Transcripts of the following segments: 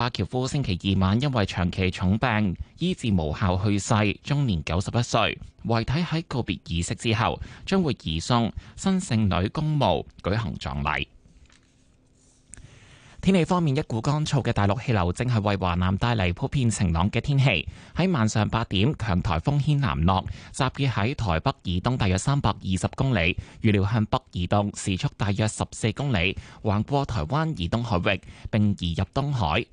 巴喬夫星期二晚因為長期重病醫治無效去世，終年九十一歲。遺體喺告別儀式之後將會移送新聖女公墓舉行葬禮。天氣方面，一股乾燥嘅大陸氣流正係為華南帶嚟普遍晴朗嘅天氣。喺晚上八點，強台風軒嵐諾，集結喺台北以東大約三百二十公里，預料向北移動，時速大約十四公里，橫過台灣以東海域，並移入東海。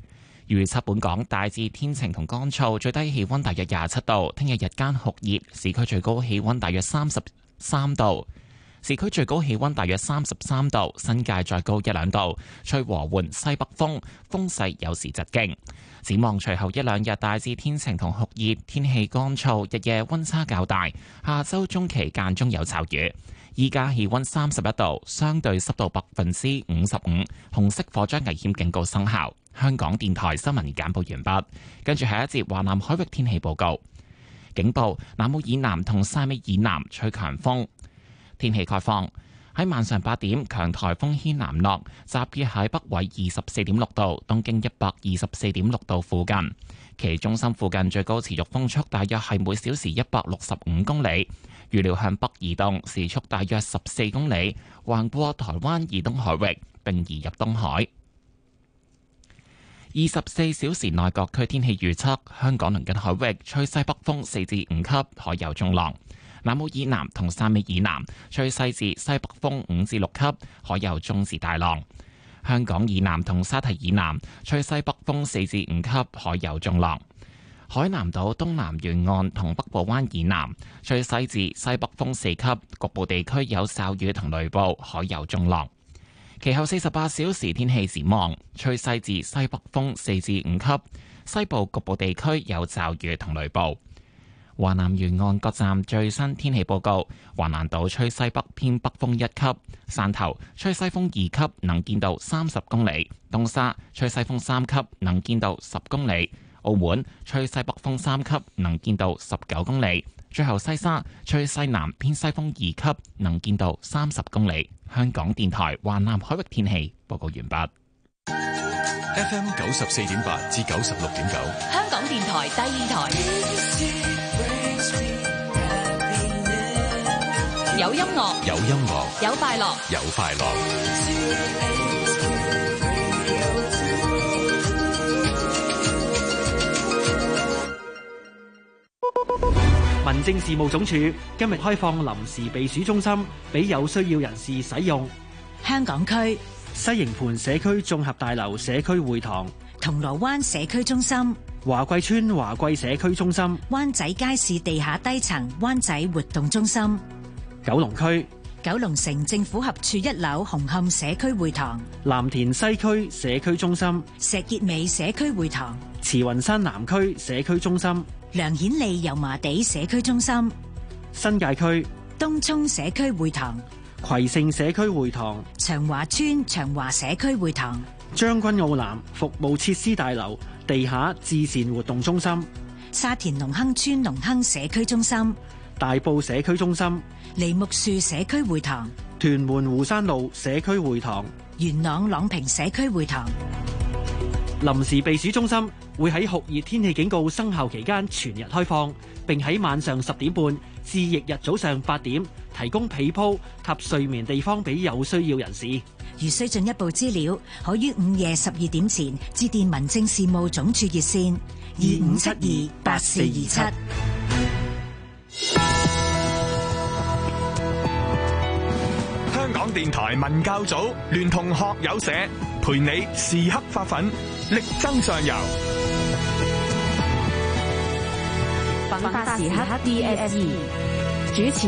預測本港大致天晴同乾燥，最低氣溫大約廿七度。聽日日間酷熱，市區最高氣溫大約三十三度。市區最高氣溫大約三十三度，新界再高一兩度。吹和緩西北風，風勢有時疾勁。展望隨後一兩日大致天晴同酷熱，天氣乾燥，日夜溫差較大。下周中期間中有驟雨。依家氣溫三十一度，相對濕度百分之五十五，紅色火災危險警告生效。香港電台新聞簡報完畢，跟住下一節華南海域天氣報告。警報：南澳以南同汕尾以南吹強風，天氣概況。喺晚上八點，強颱風軒嵐諾，集結喺北緯二十四點六度、東經一百二十四點六度附近。其中心附近最高持續風速大約係每小時一百六十五公里，預料向北移動，時速大約十四公里，橫過台灣以東海域並移入東海。二十四小時內各區天氣預測：香港鄰近海域吹西北風四至五級，海有中浪。南澳以南同汕尾以南吹西至西北風五至六級，海有中至大浪；香港以南同沙提以南吹西北風四至五級，海有中浪；海南島東南沿岸同北部灣以南吹西至西北風四級，局部地區有驟雨同雷暴，海有中浪。其後四十八小時天氣展望：吹西至西北風四至五級，西部局部地區有驟雨同雷暴。華南沿岸各站最新天氣報告：華南島吹西北偏北風一級，汕頭吹西風二級，能見度三十公里；東沙吹西風三級，能見度十公里；澳門吹西北風三級，能見度十九公里；最後西沙吹西南偏西風二級，能見度三十公里。香港電台華南海域天氣報告完畢。FM 九十四點八至九十六點九，憤怒香港電台第二台。有音樂，有音樂，有快樂，有快樂。九龍區九龍城政府合署一樓紅磡社區會堂，藍田西區社區中心，石硤尾社區會堂，慈雲山南區社區中心，梁顯利油麻地社區中心，新界區東涌社區會堂，葵盛社區會堂，長華村長華社區會堂，將軍澳南服務設施大樓地下自善活動中心，沙田隆亨村隆亨社區中心，大埔社區中心。梨木樹社區會堂、屯門湖山路社區會堂、元朗朗平社區會堂，臨時避暑中心會喺酷熱天氣警告生效期間全日開放，並喺晚上十點半至翌日早上八點提供被鋪及睡眠地方俾有需要人士。如需進一步資料，可於午夜十二點前致電民政事務總署熱線二五七二八四二七。電台文教組聯同學友社陪你時刻發奮，力爭上游。奮發時刻 DSE 主持：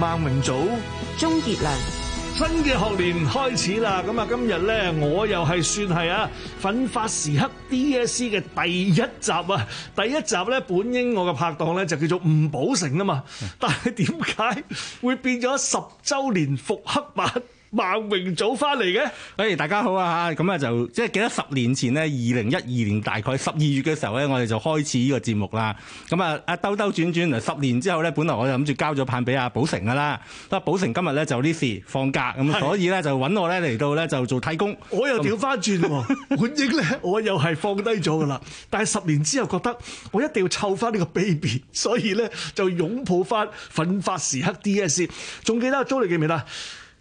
孟榮祖、鍾傑良。新嘅學年開始啦，咁啊今日呢，我又係算係啊，奮發時刻 DSE 嘅第一集啊，第一集呢，本應我嘅拍檔呢，就叫做吳寶城啊嘛，但係點解會變咗十周年復刻版？孟榮祖翻嚟嘅，哎，hey，大家好啊吓，咁啊就即係記得十年前呢，二零一二年大概十二月嘅時候咧，我哋就開始呢個節目啦。咁啊，阿兜兜轉轉，十年之後咧，本來我就諗住交咗棒俾阿寶成噶啦，不過寶成今日咧就啲事放假，咁所以咧是就揾我咧嚟到咧就做替工，我又調翻轉喎，本 應咧我又係放低咗噶啦。 但係十年之後覺得我一定要湊翻呢個 baby，所以咧就擁抱翻奮發時刻 D S E，仲記得阿 Jo 你記唔記得？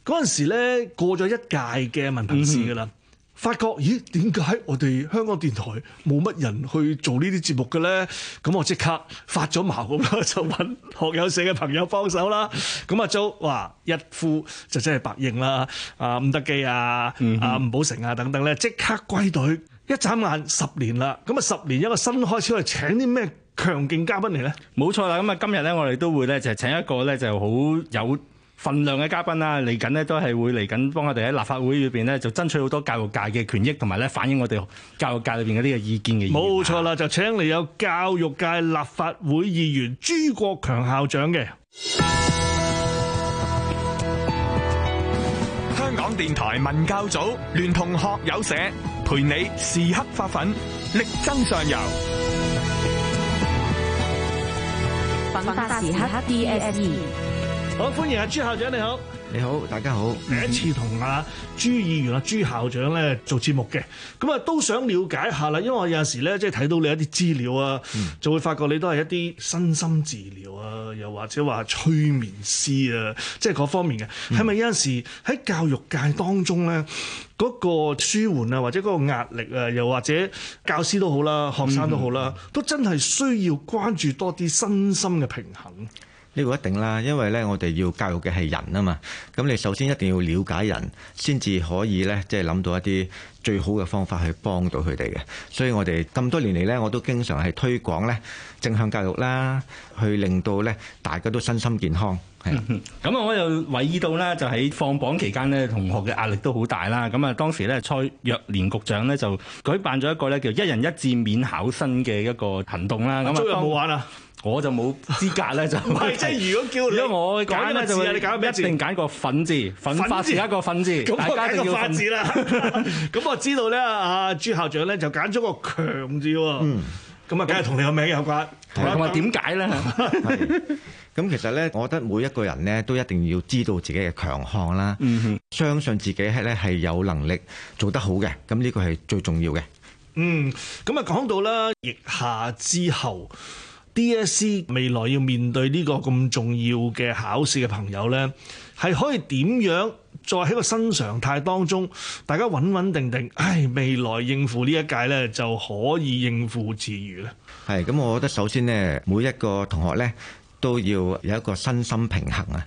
嗰陣時咧過咗一屆嘅文憑試㗎啦，發覺咦，點解我哋香港電台冇乜人去做呢啲節目嘅咧？咁我即刻發咗矛咁咯，就揾學友社嘅朋友幫手啦。咁啊，就話一呼就真係百應啦。啊，伍德基啊，啊吳寶成啊等等咧，即刻歸隊。一眨眼十年啦，咁啊十年一個新開始，去請啲咩強勁嘉賓嚟咧？冇錯啦，咁啊今日咧我哋都會咧就係請一個咧就好有份量嘅嘉賓啦，嚟緊呢都係會嚟緊幫我哋喺立法會裏邊呢，就爭取好多教育界嘅權益，同埋咧反映我哋教育界裏邊嘅呢個意見嘅。冇錯啦，就請嚟有教育界立法會議員朱國強校長嘅。香港電台文教組聯同學友社陪你時刻發奮，力爭上游。奮發時刻 D S E。好，歡迎阿好朱校長，你好，你好，大家好。第一次同阿朱議員、阿朱校長咧，做節目嘅。咁、嗯、啊都想了解下啦。因為我有陣時咧，即係睇到你一啲資料啊，嗯、就會發覺你都係一啲身心治療啊，又或者話催眠師啊，即係嗰方面嘅。係咪、嗯、有陣時喺教育界當中咧，嗰、嗰個舒緩啊，或者嗰個壓力啊，又或者教師都好啦，學生都好啦，嗯、都真係需要關注多啲身心嘅平衡。呢個一定啦，因為咧我哋要教育嘅係人啊嘛，咁你首先一定要瞭解人，先至可以咧即係諗到一啲最好嘅方法去幫到佢哋嘅。所以我哋咁多年嚟咧，我都經常係推廣咧正向教育啦，去令到咧大家都身心健康。係。咁啊，我又為意到咧，就喺放榜期間咧，同學嘅壓力都好大啦。咁啊，當時咧，蔡若蓮局長咧就舉辦咗一個咧叫一人一字免考生嘅一個行動啦。咁仲有冇玩啊？我就冇資格咧，就係即係如果叫你，如果我揀咧，就會一定揀個粉字，粉發字一個粉字。咁我揀個粉字啦。咁我知道咧，啊朱校長咧就揀咗個強字喎。嗯，咁啊，梗係同你個名有關。同埋點解咧？咁其實咧，我覺得每一個人咧都一定要知道自己嘅強項啦，相信自己係咧係有能力做得好嘅。咁呢個係最重要嘅。嗯，咁啊講到啦，逆下之後。DSE 未來要面對呢個咁重要嘅考試嘅朋友呢，係可以點樣再喺個新常態當中，大家穩穩定定，唉、哎，未來應付呢一屆呢，就可以應付自如咧。係，咁我覺得首先呢，每一個同學呢。都要有一個身心平衡啊！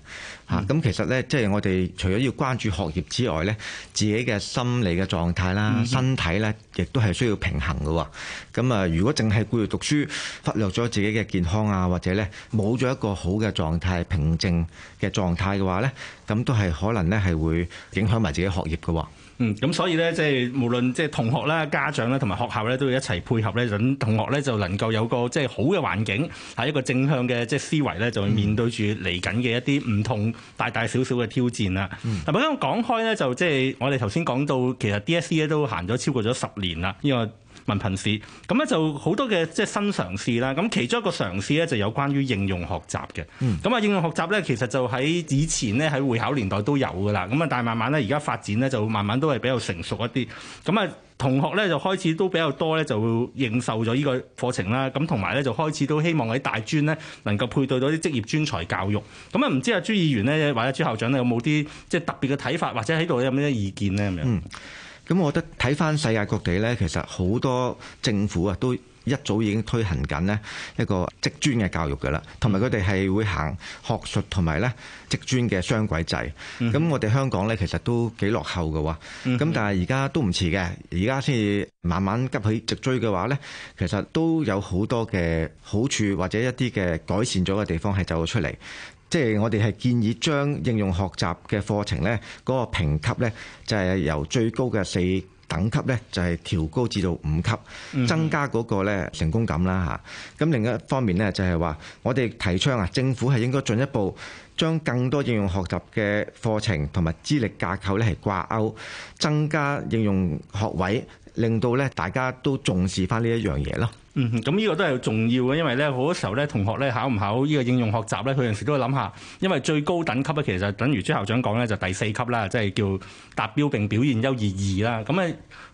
嚇，咁其實呢，即係我哋除咗要關注學業之外呢，自己嘅心理嘅狀態啦、身體呢，亦都係需要平衡嘅喎。咁啊，如果淨係顧住讀書，忽略咗自己嘅健康啊，或者呢冇咗一個好嘅狀態、平靜嘅狀態嘅話呢，咁都係可能呢係會影響埋自己學業嘅。嗯，咁所以咧，即係無論即係同學啦、家長啦、同埋學校咧，都要一齊配合咧，讓同學咧就能夠有個即係好嘅環境，喺一個正向嘅即係思維咧，就會面對住嚟緊嘅一啲唔同大大小小嘅挑戰啦。嗱、嗯，咁講開咧，就即係我哋頭先講到，其實 DSE 咧都行咗超過咗十年啦，因為，文憑試咁咧就好多嘅即係新嘗試啦，咁其中一個嘗試咧就有關於應用學習嘅。咁啊、嗯、應用學習咧其實就喺以前咧喺會考年代都有㗎啦，咁啊但係慢慢咧而家發展咧就慢慢都係比較成熟一啲。咁啊同學咧就開始都比較多咧就會認受咗呢個課程啦，咁同埋咧就開始都希望喺大專咧能夠配對到啲職業專才教育。咁啊唔知阿朱議員呢，或者朱校長咧有冇啲即係特別嘅睇法或者喺度有咩意見咧咁樣？嗯咁我覺得睇翻世界各地呢，其實好多政府啊都一早已經推行緊呢一個職專嘅教育噶啦，同埋佢哋係會行學術同埋呢職專嘅雙軌制。咁、嗯、哼我哋香港呢，其實都幾落後嘅喎。咁但係而家都唔遲嘅，而家先至慢慢急起直追嘅話呢，其實都有好多嘅好處或者一啲嘅改善咗嘅地方係走咗出嚟。即係我哋係建議將應用學習嘅課程呢嗰個評級咧，就係由最高嘅四等級呢，就係調高至到五級，增加嗰個咧成功感啦吓，咁另一方面呢，就係話我哋提倡啊，政府係應該進一步將更多應用學習嘅課程同埋資歷架構呢係掛鈎，增加應用學位，令到呢大家都重視翻呢一樣嘢囉。嗯、咁、這、呢個都係重要嘅，因為咧好多時候咧，同學咧考唔考呢個應用學習咧，佢有時都會諗下，因為最高等級咧，其實等於朱校長講咧，就第四級啦，即係叫達標並表現優異二啦。咁啊，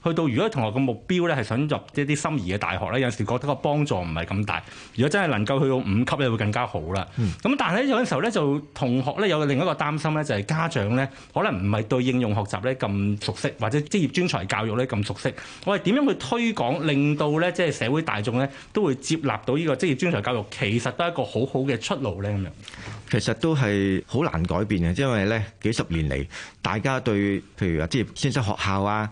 去到如果同學嘅目標咧係想入一啲心儀嘅大學咧，有時覺得個幫助唔係咁大。如果真係能夠去到五級咧，會更加好啦。咁、嗯、但係咧有陣時候咧，就同學咧有另一個擔心咧，就係家長咧可能唔係對應用學習咧咁熟悉，或者職業專才教育咧咁熟悉。我哋點樣去推廣，令到咧即係社會大眾？咧都會接納到呢個職業專才教育，其實都係一個好好嘅出路咧。咁樣其實都係好難改變嘅，因為咧幾十年嚟，大家對譬如話職業先修學校啊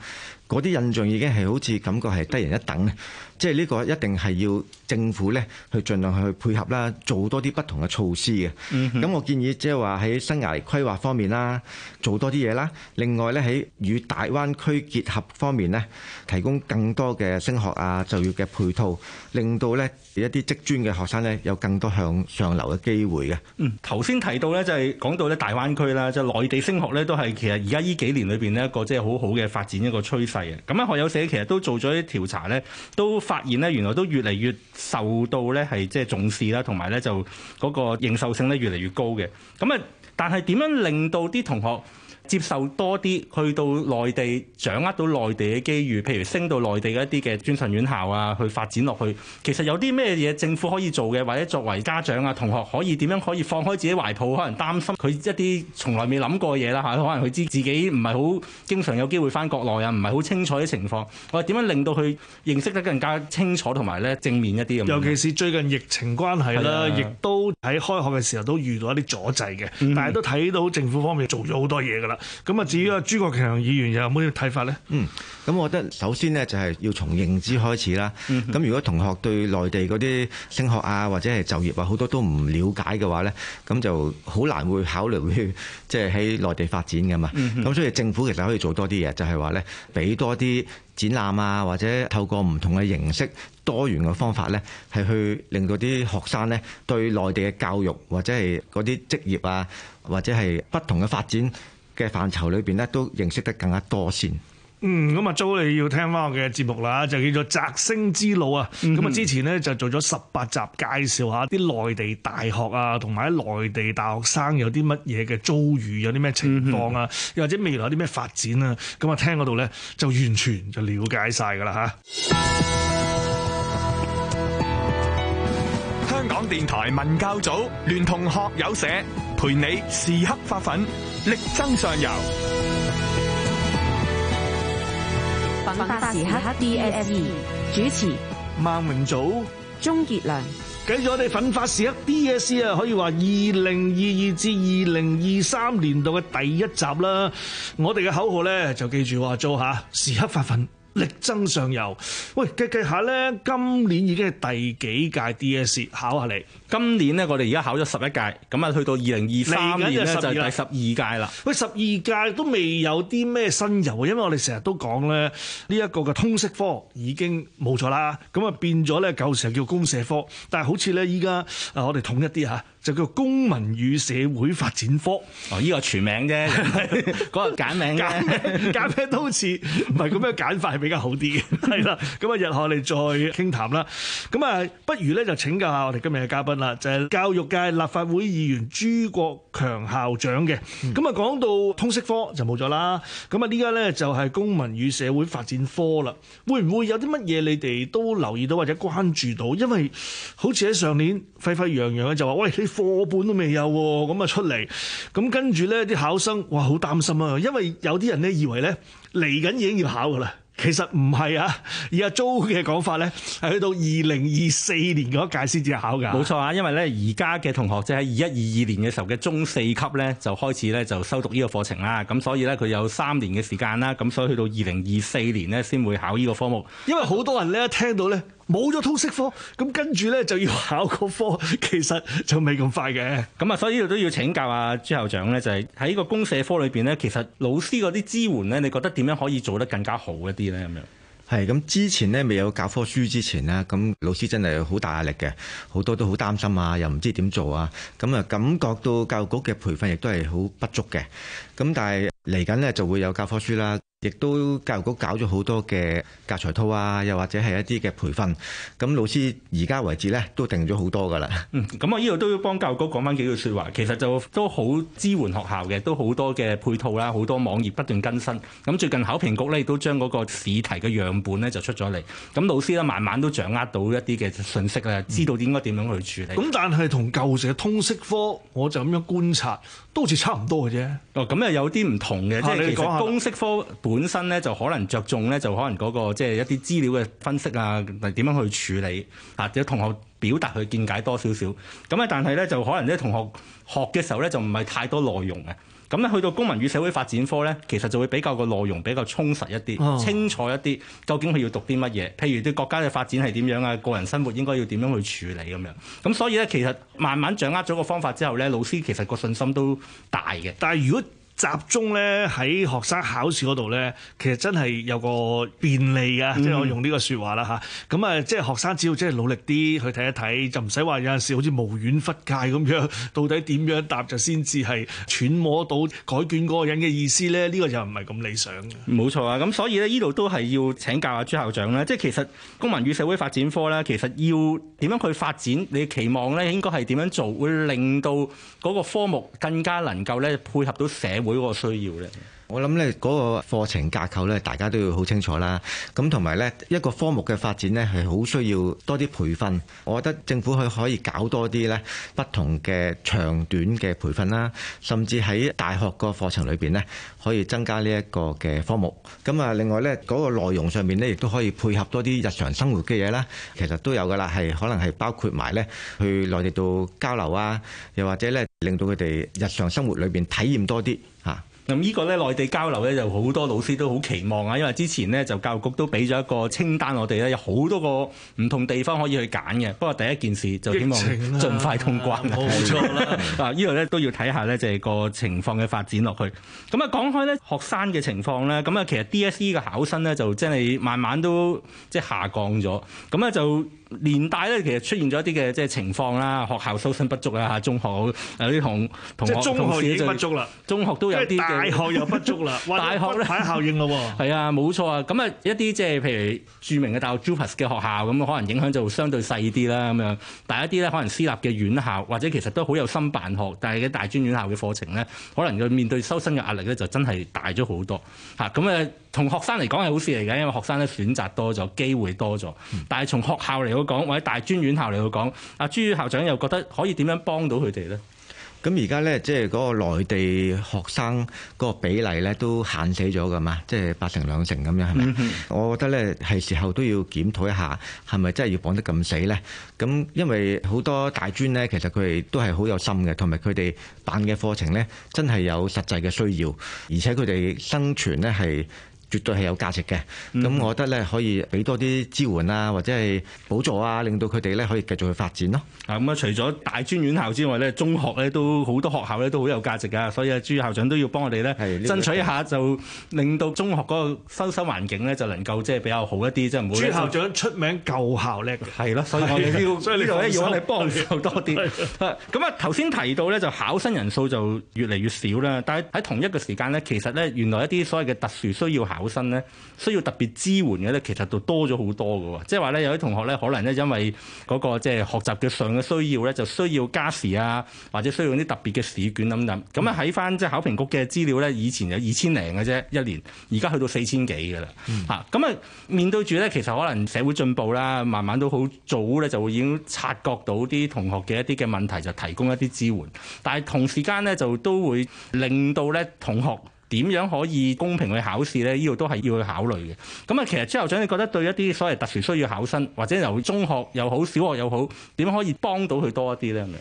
嗰啲印象已經係好似感覺係低人一等。即係呢個一定係要政府呢去盡量去配合啦，做多啲不同嘅措施嘅。咁、嗯、哼我建議即係話喺生涯規劃方面啦，做多啲嘢啦。另外呢，喺與大灣區結合方面呢，提供更多嘅升學啊、就業嘅配套，令到呢一啲職專嘅學生呢有更多向上流嘅機會嘅。嗯，頭先提到呢，就係、是、講到呢大灣區啦，就是、內地升學呢都係其實而家呢幾年裏邊呢一個即係好好嘅發展一個趨勢嘅。咁啊學友社其實都做咗啲調查呢。都。發現咧，原來都越嚟越受到咧，係即係重視啦，同埋咧就嗰個認受性咧越嚟越高嘅。咁啊，但係點樣令到啲同學接受多啲去到內地，掌握到內地嘅機遇，譬如升到內地嘅一啲嘅專上院校啊，去發展落去。其實有啲咩嘢政府可以做嘅，或者作為家長啊、同學可以點樣可以放開自己懷抱，可能擔心佢一啲從來未諗過嘅嘢啦吓，可能佢知自己唔係好經常有機會翻國內啊，唔係好清楚啲情況，我點樣令到佢認識得更加清楚同埋咧正面一啲咁？尤其是最近疫情關係啦，亦、啊、都喺開學嘅時候都遇到一啲阻滯嘅，嗯、但係都睇到政府方面做咗好多嘢㗎啦。咁啊，至於阿朱國強議員又有冇呢個睇法呢？嗯，咁我覺得首先呢，就係要從認知開始啦。嗯哼。咁如果同學對內地嗰啲升學啊，或者係就業啊，好多都唔了解嘅話呢，咁就好難會考慮去即係喺內地發展噶嘛。嗯哼。咁所以政府其實可以做多啲嘢，就係話呢，俾多啲展覽啊，或者透過唔同嘅形式、多元嘅方法呢，係去令到啲學生呢，對內地嘅教育或者係嗰啲職業啊，或者係不同嘅發展，嘅範疇裏邊咧，都認識得更加多先。嗯，咁啊，Jo 你要聽翻我嘅節目啦，就叫做摘星之路啊。咁啊，嗯、哼之前咧就做咗十八集介紹下啲內地大學啊，同埋喺內地大學生有啲乜嘢嘅遭遇，有啲咩情況啊，又、嗯、哼或者未來有啲咩發展啊。咁啊，聽嗰度咧就完全就了解晒噶啦嚇。香港電台文教組聯同學友社。陪你時刻發奮，力爭上游。奮發時刻 D SE, S E 主持，孟榮祖、鍾傑良。記住我哋奮發時刻 D S E 啊，可以話二零二二至二零二三年度嘅第一集啦。我哋嘅口號咧就記住話做吓時刻發奮，力爭上游。喂，計計下咧，今年已經係第幾屆 D S E 考下你？今年咧，我哋而家考咗十一屆，咁啊去到二零二三年咧就第十二屆啦。喂，十二屆都未有啲咩新猷啊，因為我哋成日都講咧呢一個嘅通識科已經冇咗啦，咁啊變咗咧舊時候叫公社科，但係好似咧依家啊我哋統一啲吓，就叫公民與社會發展科。哦，依、這個全名啫，嗰個簡名咧，簡名都似唔係咁樣簡法係比較好啲嘅，係啦。咁啊日後我哋再傾談啦。咁啊，不如咧就請教下我哋今日嘅嘉賓。嗱，就係教育界立法會議員朱國強校長嘅，咁啊講到通識科就冇咗啦，咁啊呢家呢，就係公民與社會發展科啦，會唔會有啲乜嘢你哋都留意到或者關注到？因為好似喺上年沸沸揚揚嘅就話，喂，你課本都未有，咁啊出嚟，咁跟住呢啲考生哇好擔心啊，因為有啲人呢，以為呢嚟緊已經要考㗎喇。其實唔係啊，以阿祖嘅講法咧，係去到二零二四年嗰屆先至考㗎。冇錯啊，因為咧而家嘅同學即係二一二二年嘅時候嘅中四級咧，就開始咧就修讀呢個課程啦。咁所以咧佢有三年嘅時間啦。咁所以去到二零二四年咧先會考呢個科目，因為好多人咧一聽到咧。冇咗通識科，咁跟住咧就要考個科，其實就未咁快嘅。咁啊，所以亦都要請教啊朱校長咧，就係喺個公社科裏邊咧，其實老師嗰啲支援咧，你覺得點樣可以做得更加好一啲咧？咁樣係咁，之前咧未有教科書之前咧，咁老師真係好大壓力嘅，好多都好擔心啊，又唔知點做啊，咁啊感覺到教育局嘅培訓亦都係好不足嘅，咁但係。嚟緊呢就會有教科書啦，亦都教育局搞咗好多嘅教材套啊，又或者係一啲嘅培訓。咁老師而家為止呢都定咗好多噶啦。嗯，咁我呢度都要幫教育局講翻幾句説話。其實就都好支援學校嘅，都好多嘅配套啦，好多網頁不斷更新。咁最近考評局呢亦都將嗰個試題嘅樣本呢就出咗嚟。咁老師呢慢慢都掌握到一啲嘅信息啦，知道應該點樣去處理。咁、嗯、但係同舊時嘅通識科，我就咁樣觀察都好似差唔多嘅啫。哦、嗯，咁又有啲唔同。即係、啊、其實公式科本身咧就可能着重咧，就可能嗰、那個即係、就是、一啲資料嘅分析啊，同點樣去處理或者、啊、同學表達去見解多少少，咁咧，但係咧就可能啲同學學嘅時候咧就唔係太多內容嘅、啊，咁、啊、咧、啊、去到公民與社會發展科咧，其實就會比較個內容比較充實一啲，啊、清楚一啲，究竟佢要讀啲乜嘢？譬如啲國家嘅發展係點樣啊，個人生活應該要點樣去處理咁樣。咁、啊、所以咧，其實慢慢掌握咗個方法之後咧，老師其實個信心都大嘅。但係如果集中咧喺學生考試嗰度咧，其實真係有個便利啊！即係、嗯、我用呢個說話啦吓，咁啊，即係學生只要即係努力啲去睇一睇，就唔使話有陣時好似無遠弗屆咁樣，到底點樣答就先至係揣摩到改卷嗰個人嘅意思咧？呢、這個就唔係咁理想嘅。冇錯啊！咁所以咧，呢度都係要請教阿朱校長啦。即係其實公民與社會發展科咧，其實要點樣去發展？你期望咧應該係點樣做，會令到嗰個科目更加能夠咧配合到社會。每個需要的。我諗咧嗰個課程架構咧，大家都要好清楚啦。咁同埋咧，一個科目嘅發展咧，係好需要多啲培訓。我覺得政府佢可以搞多啲呢不同嘅長短嘅培訓啦，甚至喺大學個課程裏邊呢可以增加呢一個嘅科目。咁啊，另外呢嗰個內容上面呢亦都可以配合多啲日常生活嘅嘢啦。其實都有噶啦，係可能係包括埋呢去內地度交流啊，又或者呢令到佢哋日常生活裏邊體驗多啲吓。咁呢個咧內地交流咧就好多老師都好期望啊，因為之前咧就教育局都俾咗一個清單我，我哋咧有好多個唔同地方可以去揀嘅。不過第一件事就希望盡、啊、快通關。冇錯、啊、啦，啊呢度咧都要睇下咧就係、是、個情況嘅發展落去。咁啊講開咧學生嘅情況咧，咁啊其實 DSE 嘅考生咧就真係、就是、慢慢都即係、就是、下降咗。咁、嗯、咧就。年代咧，其實出現咗一啲嘅即係情況啦，學校收生不足啊，中學有啲同同學，即中學已經不足啦，中學都有啲，大學又不足啦， 大學咧呢踩效應咯，係啊，冇錯啊，咁啊一啲即係譬如著名嘅大學 Jupas 嘅學校咁，可能影響就相對細啲啦，咁樣，但係一啲咧可能私立嘅院校或者其實都好有心辦學，但係嘅大專院校嘅課程咧，可能佢面對收生嘅壓力咧，就真係大咗好多嚇，咁誒。同學生嚟講係好事嚟嘅，因為學生咧選擇多咗，機會多咗。但係從學校嚟講，或者大專院校嚟講，阿朱校長又覺得可以點樣幫到佢哋呢？咁而家呢，即係嗰個內地學生嗰個比例呢，都限死咗㗎嘛？即係八成兩成咁樣係咪？ 我覺得呢，係時候都要檢討一下，係咪真係要綁得咁死呢？咁因為好多大專呢，其實佢哋都係好有心嘅，同埋佢哋辦嘅課程呢，真係有實際嘅需要，而且佢哋生存呢係。絕對係有價值嘅，咁、嗯、我覺得咧可以俾多啲支援啊，或者係補助啊，令到佢哋咧可以繼續去發展咯。啊，咁啊，除咗大專院校之外咧，中學咧都好多學校咧都好有價值噶，所以啊，朱校長都要幫我哋咧是爭取一下，的就令到中學嗰個收生環境咧就能夠即係比較好一啲，即唔冇。朱校長出名救校叻，係咯，所以我哋要呢度要我哋幫手多啲。咁啊，頭先的 提到咧就考生人數就越嚟越少啦，但係喺同一個時間咧，其實咧原來一啲所謂嘅特殊需要考考生咧需要特別支援嘅咧，其實就多咗好多嘅，即係話咧有啲同學咧，可能咧因為嗰個即係學習嘅上嘅需要咧，就需要加時啊，或者需要啲特別嘅試卷等等。咁啊喺翻即係考評局嘅資料咧，以前有二千零嘅啫一年，而家去到四千幾嘅啦嚇。咁啊面對住咧，其實可能社會進步啦，慢慢都好早咧就會已經察覺到啲同學嘅一啲嘅問題，就提供一啲支援。但係同時間咧就都會令到咧同學。點樣可以公平去考試呢？呢度都係要去考慮嘅。咁啊，其實朱校長，你覺得對一啲所謂特殊需要考生，或者由中學又好、小學又好，點樣可以幫到佢多一啲呢？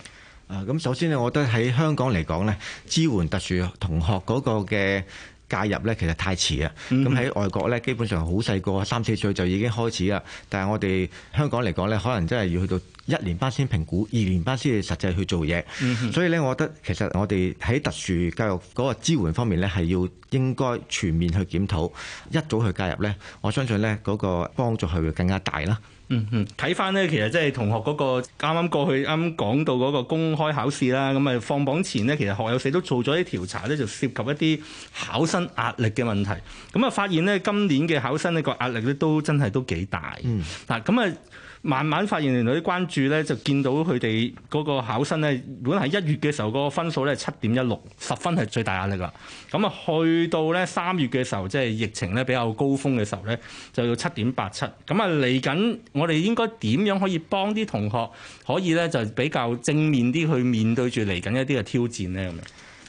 啊，咁首先呢，我覺得喺香港嚟講呢，支援特殊同學嗰個嘅介入呢，其實太遲啦。咁喺、嗯、外國呢，基本上好細個，三四歲就已經開始啦。但係我哋香港嚟講呢，可能真係要去到。一年班先評估，二年班先去實際去做嘢。嗯、哼所以咧，我覺得其實我哋喺特殊教育嗰個支援方面咧，係要應該全面去檢討，一早去介入呢。我相信呢嗰個幫助係會更加大啦。嗯哼，睇翻呢，其實即係同學嗰個啱啱過去啱講到嗰個公開考試啦，咁啊放榜前呢，其實學友社都做咗啲調查呢，就涉及一啲考生壓力嘅問題。咁啊，發現呢，今年嘅考生呢個壓力咧都真係都幾大。嗱、嗯，咁啊。慢慢發現原來啲關注咧，就見到佢哋嗰個考生咧，本係一月嘅時候個分數咧七點一六，十分係最大壓力啦。咁啊，去到咧三月嘅時候，即係疫情咧比較高峰嘅時候咧，就要七點八七。咁啊，嚟緊我哋應該點樣可以幫啲同學可以咧就比較正面啲去面對住嚟緊一啲嘅挑戰咧咁。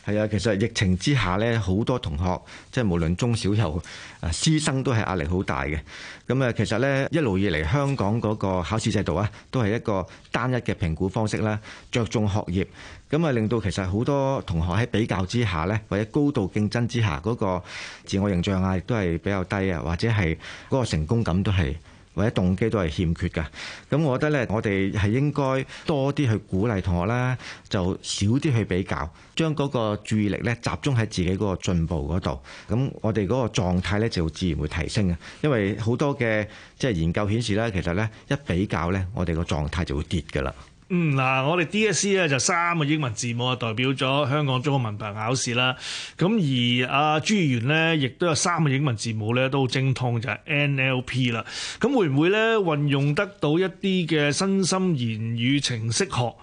係啊，其實疫情之下咧，好多同學即係無論中小幼啊，師生都係壓力好大嘅。咁啊，其實咧一路以嚟，香港嗰個考試制度啊，都係一個單一嘅評估方式啦，着重學業。咁啊，令到其實好多同學喺比較之下咧，或者高度競爭之下，嗰個自我形象啊，亦都係比較低啊，或者係嗰個成功感都係。或者動機都係欠缺㗎，咁我覺得咧，我哋係應該多啲去鼓勵同學啦，就少啲去比較，將嗰個注意力咧集中喺自己嗰個進步嗰度，咁我哋嗰個狀態咧就自然會提升嘅。因為好多嘅即係研究顯示啦，其實咧一比較咧，我哋個狀態就會跌㗎啦。嗯嗱，我哋 D.S.E. 咧就三個英文字母啊，代表咗香港中學文憑考試啦。咁而阿朱議員呢，亦都有三個英文字母咧，都精通就係、是、N.L.P. 啦。咁會唔會咧運用得到一啲嘅身心言語程式學，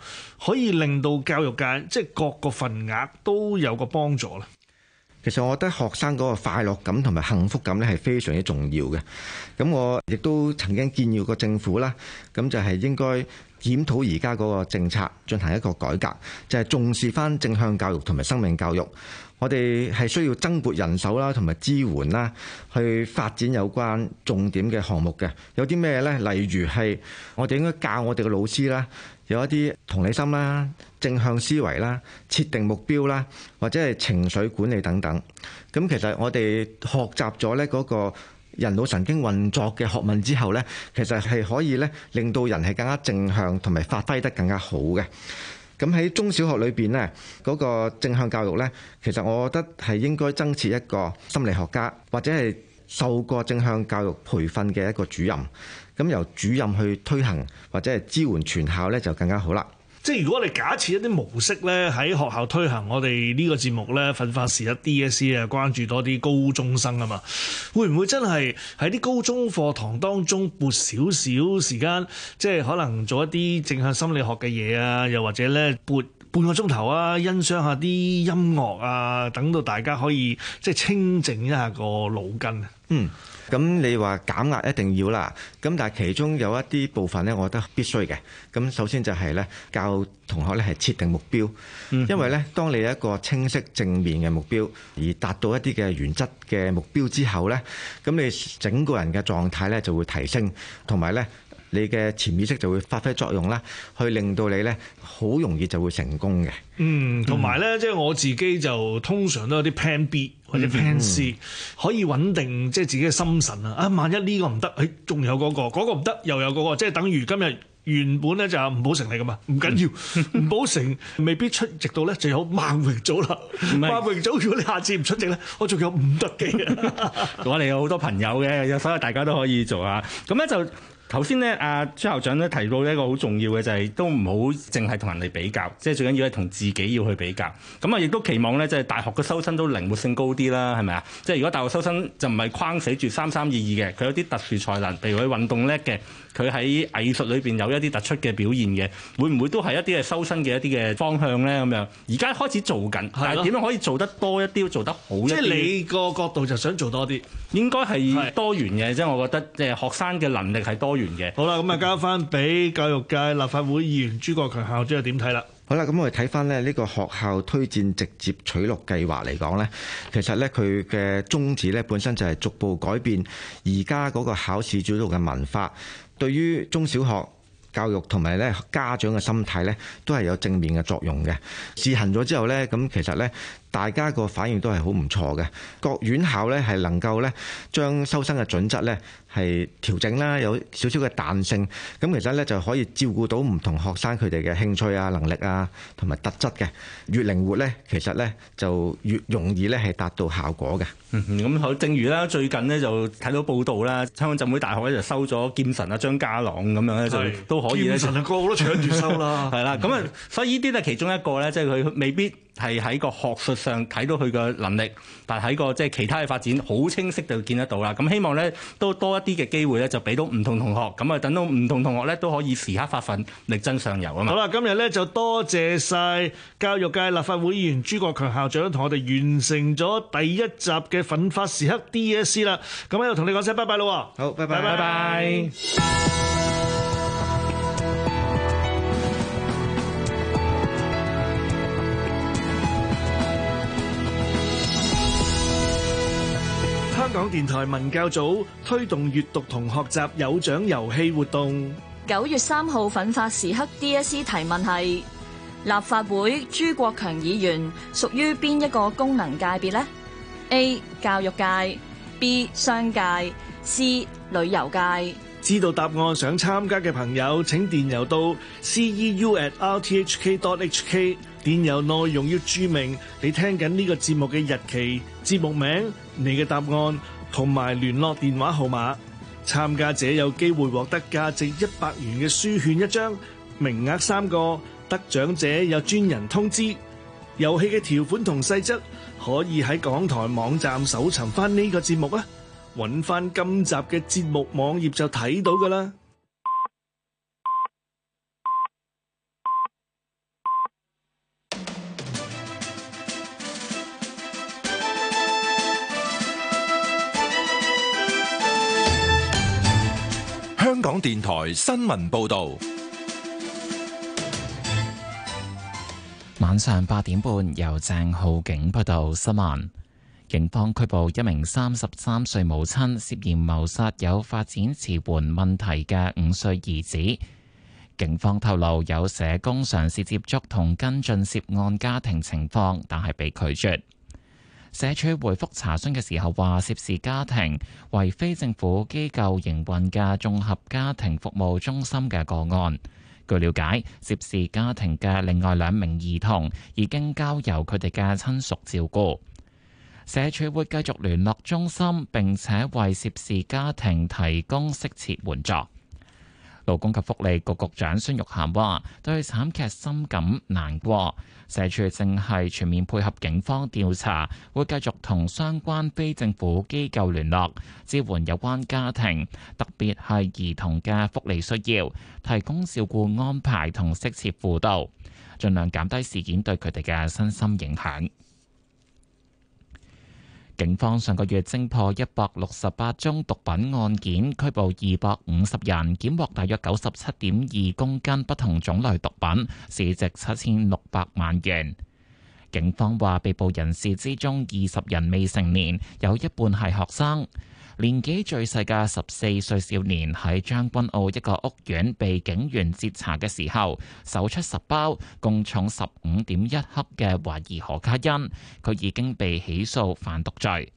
可以令到教育界即係各個份額都有個幫助咧？其實我覺得學生嗰個快樂感同埋幸福感咧係非常之重要嘅。咁我亦都曾經建議過政府啦，咁就係應該。檢討而家嗰個政策，進行一個改革，就係重視返正向教育同埋生命教育。我哋係需要增撥人手啦，同埋支援啦，去發展有關重點嘅項目嘅。有啲咩呢？例如係我哋應該教我哋嘅老師啦，有一啲同理心啦、正向思維啦、設定目標啦，或者係情緒管理等等。咁其實我哋學習咗咧嗰個。人腦神經運作嘅學問之後呢，其實係可以呢令到人係更加正向同埋發揮得更加好嘅。咁喺中小學裏邊呢，嗰個正向教育呢，其實我覺得係應該增設一個心理學家或者係受過正向教育培訓嘅一個主任，咁由主任去推行或者係支援全校呢，就更加好啦。即係如果你假設一啲模式咧，喺學校推行。我哋呢個節目咧，奮發時一 DSE 啊，關注多啲高中生啊嘛，會唔會真係喺啲高中課堂當中撥少少時間，即係可能做一啲正向心理學嘅嘢啊，又或者咧撥？半個鐘頭啊，欣賞下啲音樂啊，等到大家可以即清靜一下個腦筋啊。嗯，咁你話減壓一定要啦。咁但係其中有一啲部分呢，我覺得必須嘅。咁首先就係呢，教同學呢係設定目標。因為呢，當你有一個清晰正面嘅目標，而達到一啲嘅原則嘅目標之後呢，咁你整個人嘅狀態呢就會提升，同埋呢。你嘅潛意識就會發揮作用啦，去令到你咧好容易就會成功嘅。嗯，同埋咧，嗯、即係我自己就通常都有啲 plan B 或者 plan C，可以穩定即係自己嘅心神啊。啊，萬一呢個唔得，誒，仲有嗰、嗰個，嗰、嗰個唔得，又有嗰、嗰個，即係等於今日原本咧就唔保成嚟㗎嘛，唔緊要，唔、嗯、保成 未必出席到咧就有孟榮祖啦。是孟榮祖，如果你下次唔出席咧，我仲有五得機啊。我 哋有好多朋友嘅，有所以大家都可以做下。咁咧就。頭先咧，阿、啊、朱校長咧提到一個好重要嘅就係都唔好淨係同人哋比較，即係最緊要係同自己要去比較。咁啊，亦都期望咧即係大學嘅收生都靈活性高啲啦，係咪啊？即係如果大學收生就唔係框死住三三二二嘅，佢有啲特殊才能，譬如佢運動叻嘅，佢喺藝術裏邊有一啲突出嘅表現嘅，會唔會都係一啲嘅收生嘅一啲嘅方向咧？咁樣而家開始做緊，的但係點樣可以做得多一啲，做得好一啲？即係你個角度就想做多啲，應該係多元嘅。即係我覺得，即係的學生嘅能力係多。好啦，咁啊交翻俾教育界立法會議員朱國強校長又點睇啦？好啦，咁我哋睇翻呢呢個學校推薦直接取錄計劃嚟講呢，其實呢，佢嘅宗旨呢，本身就係逐步改變而家嗰個考試主導嘅文化，對於中小學教育同埋呢家長嘅心態呢，都係有正面嘅作用嘅。試行咗之後呢，咁其實呢。大家個反應都係好唔錯嘅，各院校咧係能夠咧將收生嘅準則咧係調整啦，有少少嘅彈性，咁其實咧就可以照顧到唔同學生佢哋嘅興趣啊、能力啊同埋特質嘅，越靈活咧，其實咧就越容易咧係達到效果嘅。嗯嗯，咁我正如啦，最近咧就睇到報道啦，香港浸會大學咧就收咗劍神啊、張家朗咁樣咧就都可以啊，神啊哥好多搶住收啦，係啦，咁啊，所以依啲咧其中一個咧，即係佢未必。係喺個學術上睇到佢嘅能力，但係喺個即係其他嘅發展好清晰就見得到啦。咁希望呢都多一啲嘅機會呢，就俾到唔同同學，咁啊等到唔同同學呢，都可以時刻發奮，力爭上游啊嘛。好啦，今日呢就多謝晒教育界立法會議員朱國強校長，同我哋完成咗第一集嘅奮發時刻 DSE 啦。咁喺度同你講聲拜拜咯！好，拜拜，拜拜。港電台文教組推動閱讀同學習有獎遊戲活動. 9月3號,奮發時刻, DSE 提問係，立法會朱國強議員屬於邊一個功能界別呢？A. 教育界, B. 商界, C. 旅遊界節目名、你嘅答案同埋聯絡電話號碼，參加者有機會獲得價值一百元嘅書券一張，名額三個，得獎者有專人通知。遊戲嘅條款同細則可以喺港台網站搜尋翻呢個節目啦。搵翻今集嘅節目網頁就睇到噶啦。港電台新聞報道，晚上八點半由鄭浩景報道新聞。警方拘捕一名三十三歲母親，涉嫌謀殺有發展遲緩問題嘅五歲兒子。警方透露，有社工嘗試接觸同跟進涉案家庭情況，但係被拒絕。社署回覆查詢嘅時候話，涉事家庭為非政府機構營運嘅綜合家庭服務中心嘅個案。據了解，涉事家庭嘅另外兩名兒童已經交由佢哋嘅親屬照顧。社署會繼續聯絡中心，並且為涉事家庭提供適切援助。勞工及福利局局長孫玉菡話，哦，對慘劇深感難過，社署正係全面配合警方調查，會繼續同相關非政府機構聯絡，支援有關家庭，特別係兒童嘅福利需要，提供照顧安排同適切輔導，盡量減低事件對佢哋嘅身心影響。警方上個月偵破一百六十八宗毒品案件，拘捕二百五十人，檢獲大約九十七點二公斤不同種類毒品，市值七千六百萬元。警方話，被捕人士之中，二十人未成年，有一半係學生。年紀最細嘅十四歲少年喺將軍澳一個屋苑被警員截查嘅時候，搜出十包共重十五點一克嘅懷疑可卡因，佢已經被起訴販毒罪。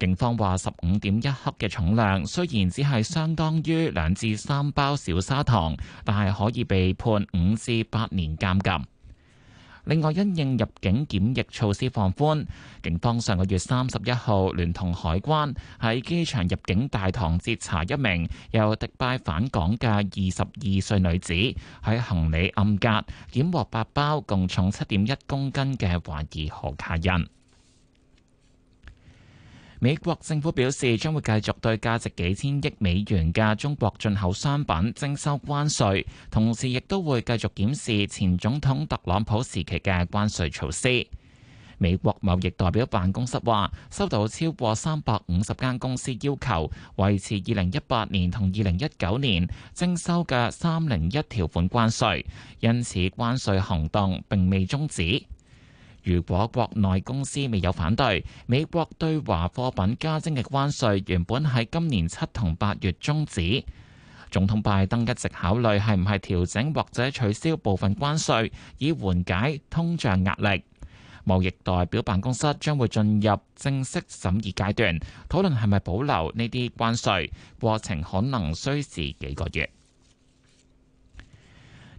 警方話，十五點一克嘅重量雖然只係相當於兩至三包小砂糖，但係可以被判五至八年監禁。另外，因應入境檢疫措施放寬，警方上個月三十一號聯同海關喺機場入境大堂截查一名由迪拜返港嘅二十二歲女子，喺行李暗格檢獲八包共重七點一公斤嘅懷疑可卡因。美國政府表示將會繼續對價值幾千億美元嘅中國進口商品徵收關稅，同時亦都會繼續檢視前總統特朗普時期嘅關稅措施。美國貿易代表辦公室話，收到超過三百五十間公司要求維持二零一八年同二零一九年徵收嘅三零一條款關稅，因此關稅行動並未終止。如果國內公司未有反對，美國對華貨品加徵嘅關稅原本喺今年七同八月終止。總統拜登一直考慮係唔係調整或者取消部分關稅，以緩解通脹壓力。貿易代表辦公室將會進入正式審議階段，討論係咪保留呢啲關稅，過程可能需時幾個月。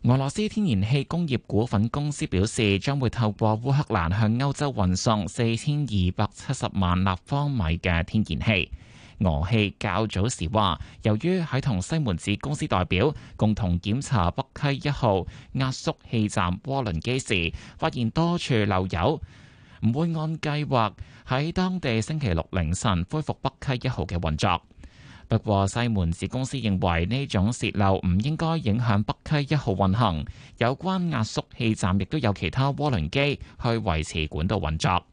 俄羅斯天然氣工業股份公司表示，將會透過烏克蘭向歐洲運送四千二百七十萬立方米嘅天然氣。俄氣較早時話，由於喺同西門子公司代表共同檢查北溪一號壓縮氣站渦輪機時，發現多處漏油，唔會按計劃喺當地星期六凌晨恢復北溪一號嘅運作。不過，西門子公司認為呢種泄漏唔應該影響北溪一號運行。有關壓縮氣站亦都有其他渦輪機去維持管道運作。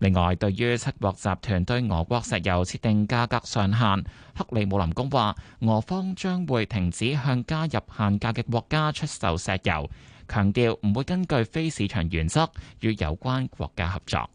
另外，對於七國集團對俄國石油設定價格上限，克里姆林宮話俄方將會停止向加入限價嘅國家出售石油，強調唔會根據非市場原則與有關國家合作。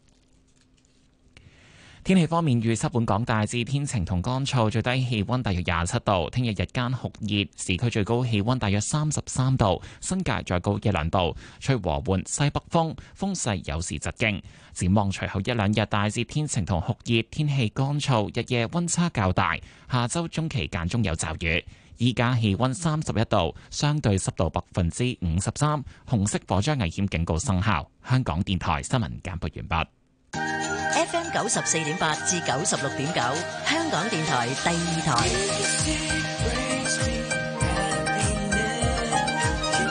天氣方面，預測本港大致天晴同乾燥，最低氣溫大約廿七度。聽日日間酷熱，市區最高氣溫大約三十三度，新界再高一兩度。吹和緩西北風，風勢有時疾勁。展望隨後一兩日，大致天晴同酷熱，天氣乾燥，日夜溫差較大。下周中期間中有驟雨。依家氣溫三十一度，相對濕度百分之五十三，紅色火災危險警告生效。香港電台新聞簡報完畢。FM 九十四點八至九十六點九，香港電台第二台。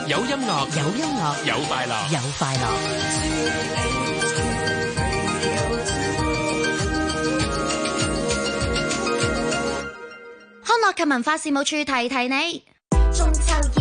有音樂，有音樂，有快樂，有快樂。康樂及文化事務處提提你。